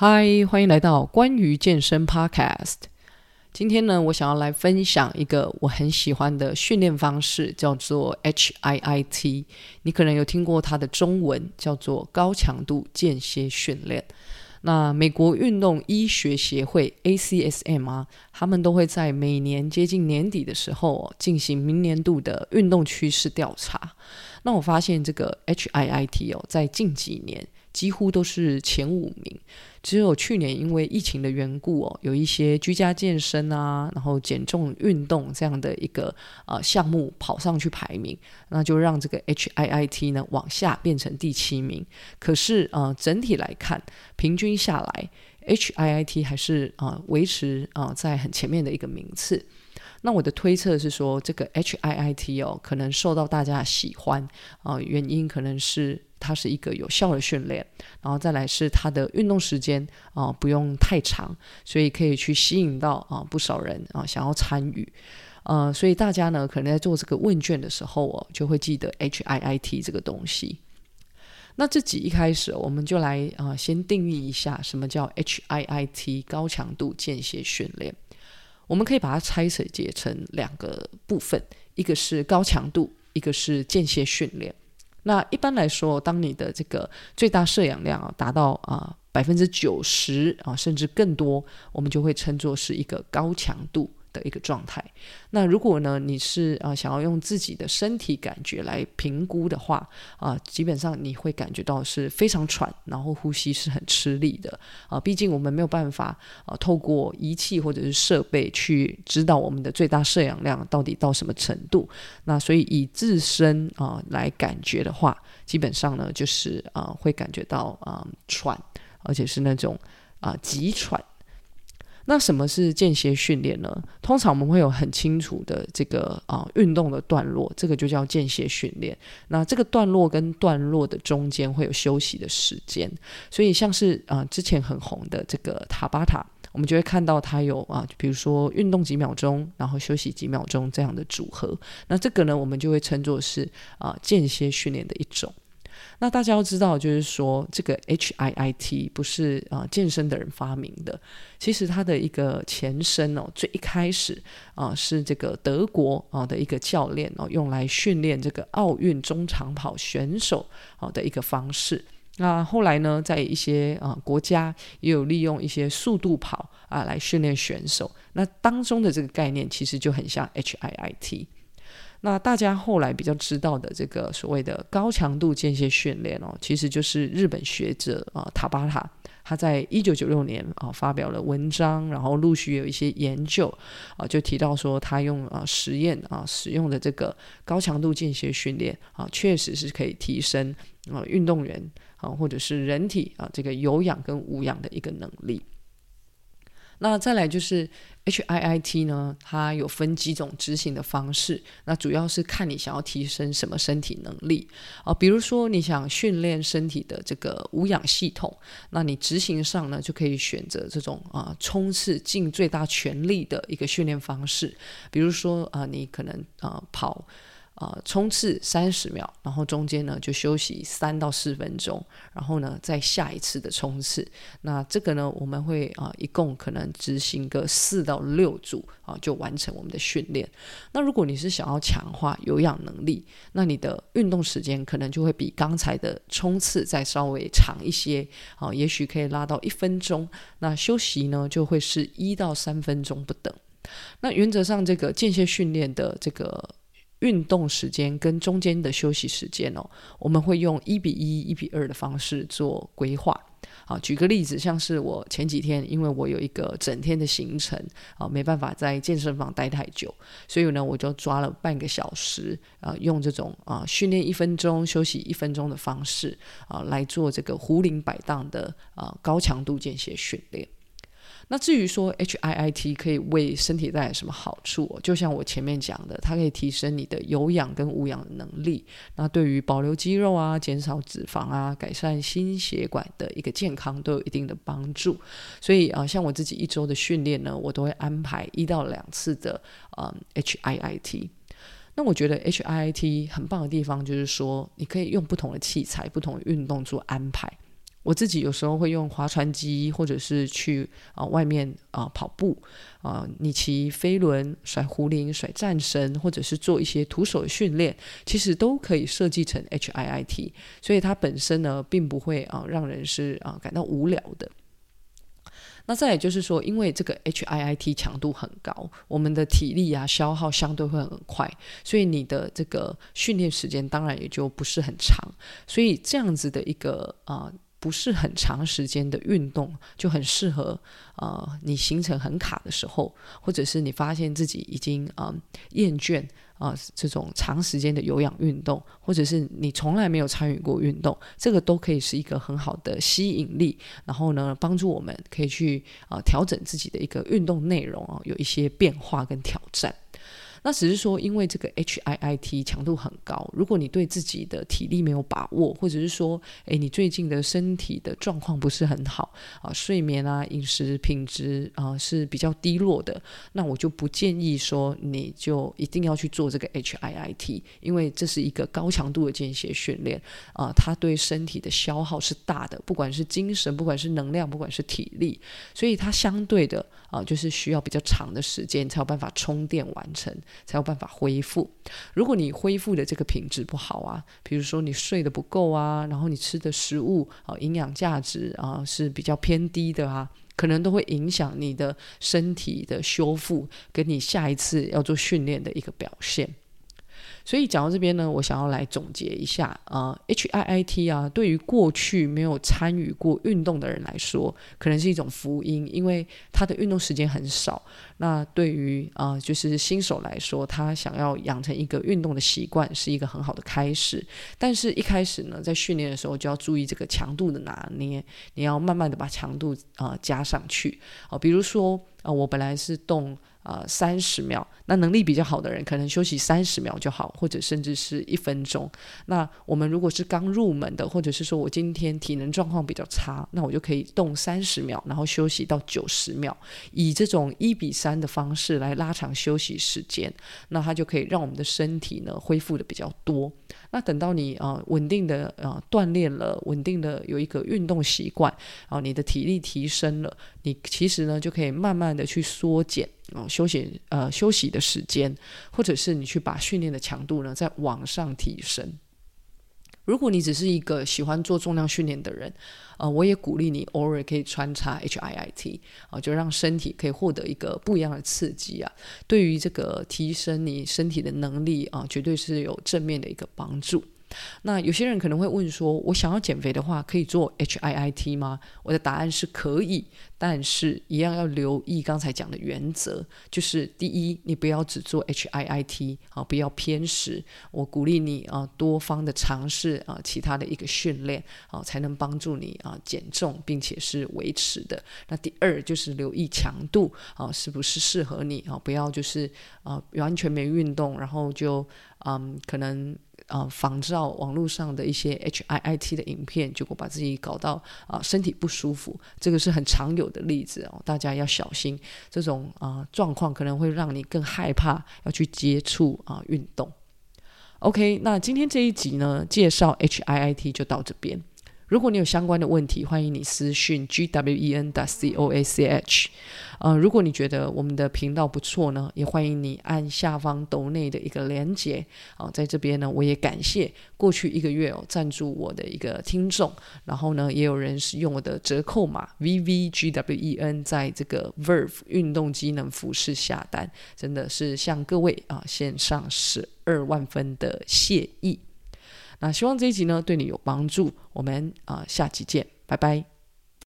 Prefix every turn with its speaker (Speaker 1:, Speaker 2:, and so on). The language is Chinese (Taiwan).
Speaker 1: 嗨，歡迎來到關於健身 Podcast。今天呢，我想要來分享一個我很喜歡的訓練方式，叫做 HIIT。你可能有聽過它的中文，叫做高強度間歇訓練。那美國運動醫學協會 ACSM 啊，他們都會在每年接近年底的時候哦，進行明年度的運動趨勢調查。那我發現這個 HIIT 哦，在近幾年，幾乎都是前五名，只有去年因為疫情的緣故哦，有一些居家健身啊，然後減重運動這樣的一個呃項目跑上去排名，那就讓這個 HIIT 呢往下變成第七名。可是啊、呃，整體來看，平均下來 HIIT 還是啊、呃、維持啊、呃、在很前面的一個名次。那我的推測是說，這個 HIIT 哦可能受到大家喜歡啊、呃、原因可能是。它是一個有效的訓練，然後再來是它的運動時間啊、呃，不用太長，所以可以去吸引到啊、呃、不少人啊、呃、想要參與，呃，所以大家呢可能在做這個問卷的時候哦，就會記得 HIIT 這個東西。那這集一開始我們就來啊、呃、先定義一下什麼叫 HIIT 高強度間歇訓練。我們可以把它拆解成兩個部分，一個是高強度，一個是間歇訓練。那一般來說，當你的這個最大攝氧量啊，達到啊百分之九十啊，甚至更多，我們就會稱作是一個高強度。一個狀態。那如果呢，你是啊、呃、想要用自己的身體感覺來評估的話啊、呃，基本上你會感覺到是非常喘，然後呼吸是很吃力的啊、呃。畢竟我們沒有辦法啊、呃、透過儀器或者是設備去知道我們的最大攝氧量到底到什麼程度。那所以以自身啊、呃、來感覺的話，基本上呢就是啊、呃、會感覺到啊、呃、喘，而且是那種啊、呃、急喘。那什麼是間歇訓練呢？通常我們會有很清楚的這個啊、呃、運動的段落，這個就叫間歇訓練。那這個段落跟段落的中間會有休息的時間，所以像是啊、呃、之前很紅的這個塔巴塔，我們就會看到它有啊、呃，比如說運動幾秒鐘，然後休息幾秒鐘這樣的組合。那這個呢，我們就會稱作是啊、呃、間歇訓練的一種。那大家要知道，就是說，這個 HIIT 不是啊、呃、健身的人發明的。其實它的一個前身哦，最一開始啊、呃、是這個德國啊、呃、的一個教練哦、呃，用來訓練這個奧運中長跑選手啊、呃、的一個方式。那後來呢，在一些啊、呃、國家也有利用一些速度跑啊、呃、來訓練選手。那當中的這個概念其實就很像 HIIT。那大家後來比較知道的這個所謂的高強度間歇訓練哦，其實就是日本學者啊塔巴塔，他在一九九六年啊發表了文章，然後陸續有一些研究啊，就提到說他用啊實驗啊使用的這個高強度間歇訓練啊，確實是可以提升啊運動員啊或者是人體啊這個有氧跟無氧的一個能力。那再來就是 HIIT 呢，它有分幾種執行的方式。那主要是看你想要提升什麼身體能力啊、呃，比如說你想訓練身體的這個無氧系統，那你執行上呢就可以選擇這種啊、呃、衝刺盡最大全力的一個訓練方式。比如說啊、呃，你可能啊、呃、跑。啊，衝刺三十秒，然後中間呢就休息三到四分鐘，然後呢再下一次的衝刺。那這個呢，我們會啊，一共可能執行個四到六組啊，就完成我們的訓練。那如果你是想要強化有氧能力，那你的運動時間可能就會比剛才的衝刺再稍微長一些啊，也許可以拉到一分鐘。那休息呢就會是一到三分鐘不等。那原則上，這個間歇訓練的這個。運動時間跟中間的休息時間哦，我們會用一比一、一比二的方式做規劃。啊，舉個例子，像是我前幾天，因為我有一個整天的行程，啊，沒辦法在健身房待太久，所以呢，我就抓了半個小時，啊，用這種啊訓練一分鐘、休息一分鐘的方式，啊，來做這個壺鈴擺盪的啊高強度間歇訓練。那至於說 HIIT 可以為身體帶來什麼好處哦？就像我前面講的，它可以提升你的有氧跟無氧的能力。那對於保留肌肉啊、減少脂肪啊、改善心血管的一個健康都有一定的幫助。所以啊、呃，像我自己一周的訓練呢，我都會安排一到兩次的嗯、呃、HIIT。那我覺得 HIIT 很棒的地方就是說，你可以用不同的器材、不同的運動做安排。我自己有時候會用划船機，或者是去啊、呃、外面啊、呃、跑步啊、呃，你騎飛輪、甩壺鈴、甩戰繩，或者是做一些徒手的訓練，其實都可以設計成 H I I T，所以它本身呢，並不會啊、呃、讓人是啊、呃、感到無聊的。那再來就是說，因為這個 H I I T 強度很高，我們的體力啊消耗相對會很快，所以你的這個訓練時間當然也就不是很長。所以這樣子的一個啊。呃不是很長時間的運動就很適合啊、呃，你行程很卡的時候，或者是你發現自己已經啊、呃、厭倦啊、呃、這種長時間的有氧運動，或者是你從來沒有參與過運動，這個都可以是一個很好的吸引力。然後呢，幫助我們可以去啊、呃、調整自己的一個運動內容啊、呃，有一些變化跟挑戰。那只是說，因為這個 HIIT 強度很高，如果你對自己的體力沒有把握，或者是說，哎，你最近的身體的狀況不是很好啊、呃，睡眠啊、飲食品質啊、呃、是比較低落的，那我就不建議說你就一定要去做這個 HIIT，因為這是一個高強度的間歇訓練啊、呃，它對身體的消耗是大的，不管是精神、不管是能量、不管是體力，所以它相對的啊、呃，就是需要比較長的時間才有辦法充電完成。才有辦法恢復。如果你恢復的這個品質不好啊，比如說你睡得不夠啊，然後你吃的食物啊，營養價值啊是比較偏低的啊，可能都會影響你的身體的修復，跟你下一次要做訓練的一個表現。所以講到這邊呢，我想要來總結一下啊、呃，HIIT 啊，對於過去沒有參與過運動的人來說，可能是一種福音，因為他的運動時間很少。那對於啊、呃，就是新手來說，他想要養成一個運動的習慣，是一個很好的開始。但是，一開始呢，在訓練的時候就要注意這個強度的拿捏，你要慢慢的把強度啊、呃，加上去。啊、呃，比如說啊、呃，我本來是動。啊、呃，三十秒。那能力比較好的人，可能休息三十秒就好，或者甚至是一分鐘。那我們如果是剛入門的，或者是說我今天體能狀況比較差，那我就可以動三十秒，然後休息到九十秒，以這種一比三的方式來拉長休息時間。那它就可以讓我們的身體呢恢復得比較多。那等到你啊、呃、穩定的啊、呃、鍛鍊了，穩定的有一個運動習慣，然、呃、後你的體力提升了，你其實呢就可以慢慢的去縮減。嗯，休息，呃，休息的時間，或者是你去把訓練的強度呢，再往上提升。如果你只是一個喜歡做重量訓練的人，呃，我也鼓勵你偶爾可以穿插 HIIT 啊，呃，就讓身體可以獲得一個不一樣的刺激啊。對於這個提升你身體的能力啊，絕對是有正面的一個幫助。那有些人可能會問說：“我想要減肥的話，可以做 HIIT 嗎？”我的答案是可以，但是一樣要留意剛才講的原則，就是第一，你不要只做 HIIT 啊，不要偏食。我鼓勵你啊，多方的嘗試啊，其他的一個訓練啊，才能幫助你啊減重，並且是維持的。那第二就是留意強度啊，是不是適合你啊？不要就是啊完全沒運動，然後就。嗯，可能啊、呃，仿照網絡上的一些 HIIT 的影片，結果把自己搞到啊、呃、身體不舒服，這個是很常有的例子哦。大家要小心，這種啊、呃、狀況可能會讓你更害怕要去接觸啊、呃、運動。OK，那今天這一集呢，介紹 HIIT 就到這邊。如果你有相關的問題，歡迎你私訊 gwen.coach。呃，如果你覺得我們的頻道不錯呢，也歡迎你按下方抖內的一個連結。啊，在這邊呢，我也感謝過去一個月哦贊助我的一個聽眾。然後呢，也有人是用我的折扣碼 vvgwen 在這個 Verve 運動機能服飾下單，真的是向各位啊獻上十二萬分的謝意。那希望這一集呢對你有幫助，我們啊、呃、下集見，拜拜。